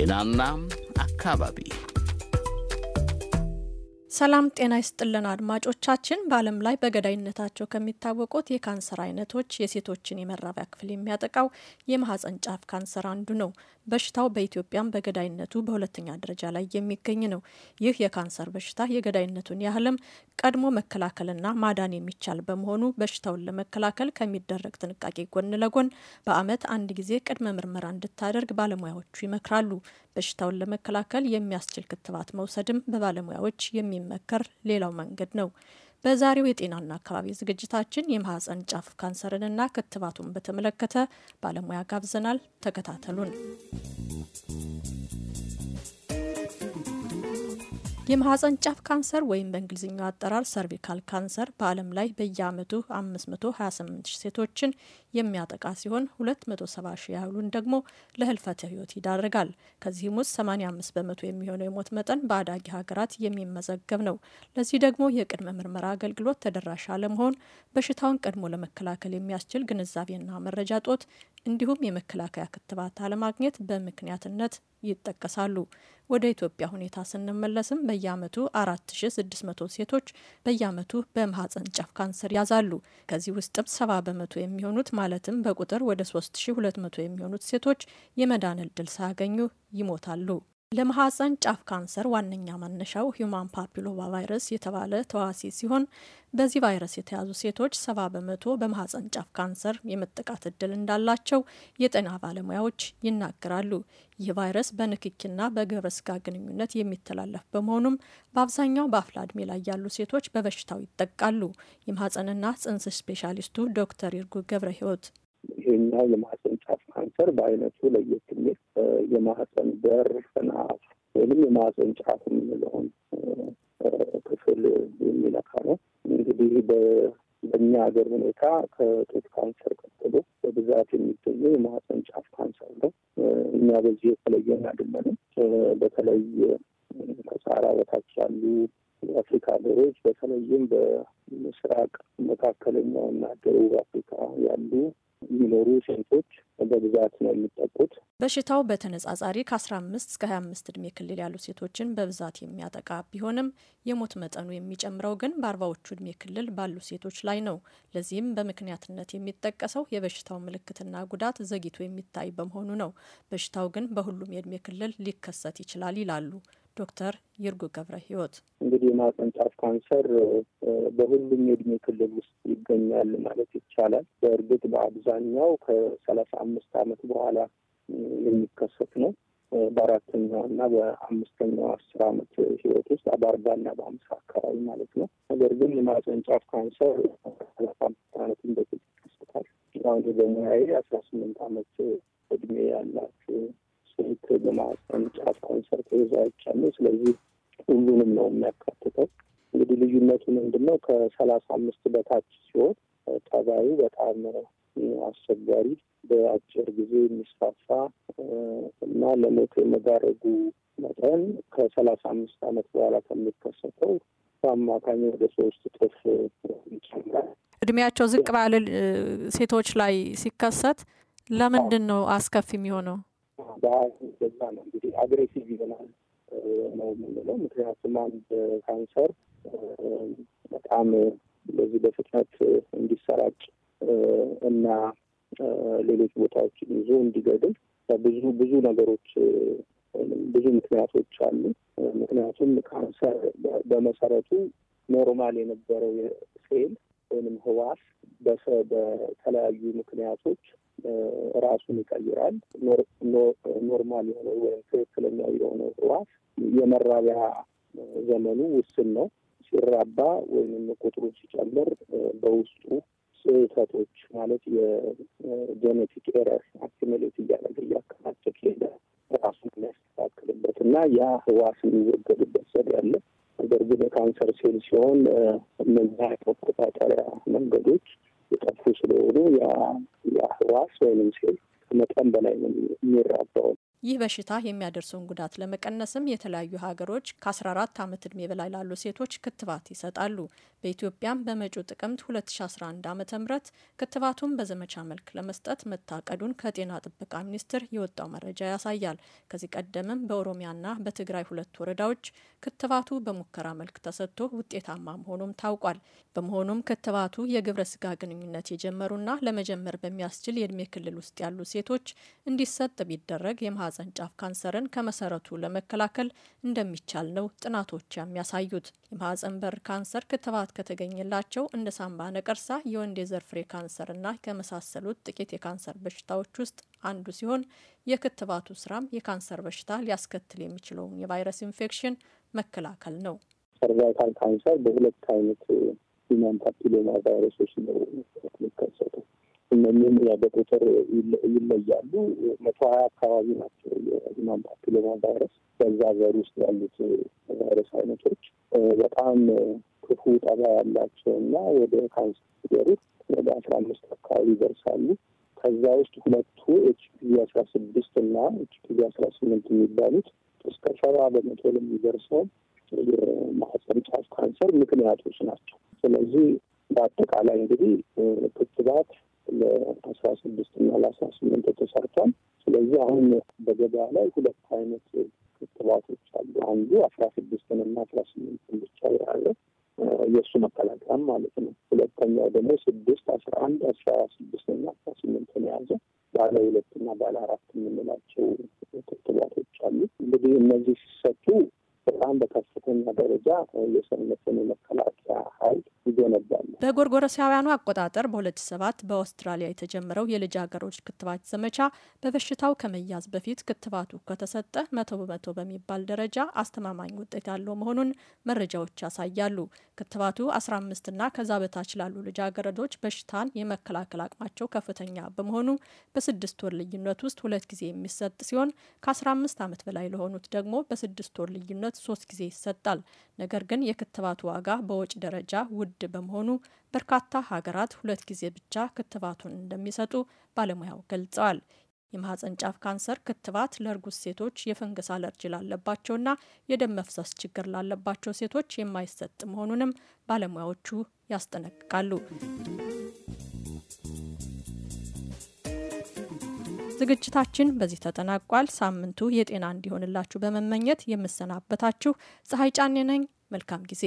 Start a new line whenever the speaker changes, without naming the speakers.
ጤናና አካባቢ
ሰላም ጤና ይስጥልን አድማጮቻችን። በዓለም ላይ በገዳይነታቸው ከሚታወቁት የካንሰር አይነቶች የሴቶችን የመራቢያ ክፍል የሚያጠቃው የማህፀን ጫፍ ካንሰር አንዱ ነው። በሽታው በኢትዮጵያም በገዳይነቱ በሁለተኛ ደረጃ ላይ የሚገኝ ነው። ይህ የካንሰር በሽታ የገዳይነቱን ያህልም ቀድሞ መከላከልና ማዳን የሚቻል በመሆኑ በሽታውን ለመከላከል ከሚደረግ ጥንቃቄ ጎን ለጎን በዓመት አንድ ጊዜ ቅድመ ምርመራ እንድታደርግ ባለሙያዎቹ ይመክራሉ። በሽታውን ለመከላከል የሚያስችል ክትባት መውሰድም በባለሙያዎች የሚ የሚመከር ሌላው መንገድ ነው። በዛሬው የጤናና አካባቢ ዝግጅታችን የማህፀን ጫፍ ካንሰርንና ክትባቱን በተመለከተ ባለሙያ ጋብዘናል። ተከታተሉን። የማህፀን ጫፍ ካንሰር ወይም በእንግሊዝኛው አጠራር ሰርቪካል ካንሰር በዓለም ላይ በየአመቱ 528 ሴቶችን የሚያጠቃ ሲሆን 270 ሺ ያህሉን ደግሞ ለህልፈተ ህይወት ይዳርጋል። ከዚህም ውስጥ 85 በመቶ የሚሆነው የሞት መጠን በአዳጊ ሀገራት የሚመዘገብ ነው። ለዚህ ደግሞ የቅድመ ምርመራ አገልግሎት ተደራሽ አለመሆን፣ በሽታውን ቀድሞ ለመከላከል የሚያስችል ግንዛቤና መረጃ ጦት እንዲሁም የመከላከያ ክትባት አለማግኘት በምክንያትነት ይጠቀሳሉ። ወደ ኢትዮጵያ ሁኔታ ስንመለስም በየአመቱ 4600 ሴቶች በየአመቱ በማህፀን ጫፍ ካንሰር ያዛሉ። ከዚህ ውስጥም 70 በመቶ የሚሆኑት ማለትም በቁጥር ወደ 3200 የሚሆኑት ሴቶች የመዳን እድል ሳያገኙ ይሞታሉ። ለማህፀን ጫፍ ካንሰር ዋነኛ መነሻው ሂዩማን ፓፒሎማ ቫይረስ የተባለ ተዋሲ ሲሆን በዚህ ቫይረስ የተያዙ ሴቶች ሰባ በመቶ በማህፀን ጫፍ ካንሰር የመጠቃት እድል እንዳላቸው የጤና ባለሙያዎች ይናገራሉ። ይህ ቫይረስ በንክኪና በግብረ ስጋ ግንኙነት የሚተላለፍ በመሆኑም በአብዛኛው በአፍላ እድሜ ላይ ያሉ ሴቶች በበሽታው ይጠቃሉ። የማህፀንና ጽንስ ስፔሻሊስቱ ዶክተር ይርጉ ገብረ ህይወት
ይሄኛው ካንሰር በአይነቱ ለየት የሚል የማህፀን በር ፍናት ወይም የማህፀን ጫፍ የምንለውን ክፍል የሚነካ ነው። እንግዲህ በእኛ ሀገር ሁኔታ ከጡት ካንሰር ቀጥሎ በብዛት የሚገኘው የማህፀን ጫፍ ካንሰር ነው። እኛ በዚህ የተለየን አይደለንም። በተለይ ከሳራ በታች ያሉ የአፍሪካ ሀገሮች በተለይም በምስራቅ መካከለኛውና ደቡብ አፍሪካ ያሉ የሚኖሩ ሴቶች በብዛት ነው የሚጠቁት።
በሽታው በተነጻጻሪ ከአስራ አምስት እስከ ሀያ አምስት እድሜ ክልል ያሉ ሴቶችን በብዛት የሚያጠቃ ቢሆንም የሞት መጠኑ የሚጨምረው ግን በአርባዎቹ እድሜ ክልል ባሉ ሴቶች ላይ ነው። ለዚህም በምክንያትነት የሚጠቀሰው የበሽታው ምልክትና ጉዳት ዘግይቶ የሚታይ በመሆኑ ነው። በሽታው ግን በሁሉም የእድሜ ክልል ሊከሰት ይችላል ይላሉ። ዶክተር ይርጉ ገብረ ህይወት
እንግዲህ የማህፀን ጫፍ ካንሰር በሁሉም የእድሜ ክልል ውስጥ ይገኛል ማለት ይቻላል። በእርግጥ በአብዛኛው ከሰላሳ አምስት ዓመት በኋላ የሚከሰት ነው። በአራተኛው እና በአምስተኛው አስር ዓመት ህይወት ውስጥ በአርባ እና በአምሳ አካባቢ ማለት ነው። ነገር ግን የማህፀን ጫፍ ካንሰር ሰላሳ አምስት ዓመት በፊት ይከሰታል። አሁን በሙያዬ አስራ ስምንት ዓመት እድሜ ያላት ስልክ በማህፀን ጫፍ ካንሰር አሉ። ስለዚህ ሁሉንም ነው የሚያካትተው። እንግዲህ ልዩነቱ ምንድን ነው? ከሰላሳ አምስት በታች ሲሆን ጠባዩ በጣም አስቸጋሪ፣ በአጭር ጊዜ የሚስፋፋ እና ለሞት የመዳረጉ መጠን ከሰላሳ አምስት ዓመት በኋላ ከሚከሰተው በአማካኝ ወደ ሶስት እጥፍ
ይጨምራል። እድሜያቸው ዝቅ ባለ ሴቶች ላይ ሲከሰት ለምንድን ነው አስከፊ የሚሆነው?
ባህል ገዛ ነው እንግዲህ አግሬሲቭ ይሆናል ነው የምንለው። ምክንያቱም አንድ ካንሰር በጣም በዚህ በፍጥነት እንዲሰራጭ እና ሌሎች ቦታዎችን ይዞ እንዲገድል ብዙ ብዙ ነገሮች ብዙ ምክንያቶች አሉ። ምክንያቱም ካንሰር በመሰረቱ ኖርማል የነበረው ሴል ወይንም ህዋስ በተለያዩ ምክንያቶች ራሱን ይቀይራል። ኖርማል የሆነ ወይም ትክክለኛ የሆነ ህዋስ የመራቢያ ዘመኑ ውስን ነው። ሲራባ ወይም ቁጥሩ ሲጨምር በውስጡ ስህተቶች ማለት የጄኔቲክ ኤረር አክሚሌት እያደረገ እያከማቸት ሄደ ራሱን የሚያስተካክልበት እና ያ ህዋስ የሚወገድበት ዘዴ ያለ ነገር ግን የካንሰር ሴል ሲሆን እነዚያ መቆጣጠሪያ መንገዶች የጠፉ ስለሆኑ ያ ራስ ወይም ሴት ከመጠን በላይ የሚራባው
ይህ በሽታ የሚያደርሰውን ጉዳት ለመቀነስም የተለያዩ ሀገሮች ከ14 ዓመት ዕድሜ በላይ ላሉ ሴቶች ክትባት ይሰጣሉ። በኢትዮጵያም በመጪው ጥቅምት 2011 ዓ ም ክትባቱን በዘመቻ መልክ ለመስጠት መታቀዱን ከጤና ጥበቃ ሚኒስቴር የወጣው መረጃ ያሳያል። ከዚህ ቀደምም በኦሮሚያና በትግራይ ሁለት ወረዳዎች ክትባቱ በሙከራ መልክ ተሰጥቶ ውጤታማ መሆኑም ታውቋል። በመሆኑም ክትባቱ የግብረ ስጋ ግንኙነት የጀመሩና ለመጀመር በሚያስችል የእድሜ ክልል ውስጥ ያሉ ሴቶች እንዲሰጥ ቢደረግ የመ የማህፀን ጫፍ ካንሰርን ከመሰረቱ ለመከላከል እንደሚቻል ነው ጥናቶች የሚያሳዩት። የማህፀን በር ካንሰር ክትባት ከተገኘላቸው እንደ ሳምባ ነቀርሳ፣ የወንድ የዘር ፍሬ ካንሰርና ከመሳሰሉት ጥቂት የካንሰር በሽታዎች ውስጥ አንዱ ሲሆን የክትባቱ ስራም የካንሰር በሽታ ሊያስከትል የሚችለውን የቫይረስ ኢንፌክሽን መከላከል ነው።
ሰርቫይካል ካንሰር በሁለት አይነት ሂውማን ፓፒሎማ ቫይረሶች ነው የሚከሰተው እነዚህም በቁጥር ይለያሉ። መቶ ሀያ አካባቢ ናቸው የሂውማን ፓፒሎማ ቫይረስ በዛ ዘር ውስጥ ያሉት ቫይረስ አይነቶች በጣም ክፉ ጠባ ያላቸው እና ወደ ካንሰር ሲደሩት ወደ አስራ አምስት አካባቢ ይደርሳሉ። ከዛ ውስጥ ሁለቱ ኤችፒቪ አስራ ስድስት እና ኤችፒቪ አስራ ስምንት የሚባሉት እስከ ሰባ በመቶ ለሚደርሰው የማህፀን ጫፍ ካንሰር ምክንያቶች ናቸው። ስለዚህ በአጠቃላይ እንግዲህ ክትባት ለአስራ ስድስት እና ለአስራ ስምንት ተሰርቷል። ስለዚህ አሁን በገበያ ላይ ሁለት አይነት ክትባቶች አሉ። አንዱ አስራ ስድስትን እና አስራ ስምንትን ብቻ ያለ የእሱ መከላከያም ማለት ነው። ሁለተኛው ደግሞ ስድስት አስራ አንድ አስራ ስድስት እና አስራ ስምንትን የያዘ ባለ ሁለት እና ባለ አራት የምንላቸው ክትባቶች አሉ። እንግዲህ እነዚህ ሲሰጡ በጣም በከፍተኛ ደረጃ የሰውነትን የመከላከያ ኃይል ይገነባል።
በጎርጎረሳውያኑ አቆጣጠር በ2007 በአውስትራሊያ የተጀመረው የልጃገረዶች ክትባት ዘመቻ በበሽታው ከመያዝ በፊት ክትባቱ ከተሰጠ መቶ በመቶ በሚባል ደረጃ አስተማማኝ ውጤት ያለው መሆኑን መረጃዎች ያሳያሉ። ክትባቱ 15ና ከዛ በታች ላሉ ልጃገረዶች በሽታን የመከላከል አቅማቸው ከፍተኛ በመሆኑ በስድስት ወር ልዩነት ውስጥ ሁለት ጊዜ የሚሰጥ ሲሆን ከ15 ዓመት በላይ ለሆኑት ደግሞ በስድስት ወር ልዩነት ሶስት ጊዜ ይሰጣል። ነገር ግን የክትባት ዋጋ በወጪ ደረጃ ውድ በመሆኑ በርካታ ሀገራት ሁለት ጊዜ ብቻ ክትባቱን እንደሚሰጡ ባለሙያው ገልጸዋል። የማህፀን ጫፍ ካንሰር ክትባት ለእርጉዝ ሴቶች፣ የፈንገስ አለርጂ ላለባቸውና የደም መፍሰስ ችግር ላለባቸው ሴቶች የማይሰጥ መሆኑንም ባለሙያዎቹ ያስጠነቅቃሉ። ዝግጅታችን በዚህ ተጠናቋል። ሳምንቱ የጤና እንዲሆንላችሁ በመመኘት የምሰናበታችሁ ፀሐይ ጫኔ ነኝ። መልካም ጊዜ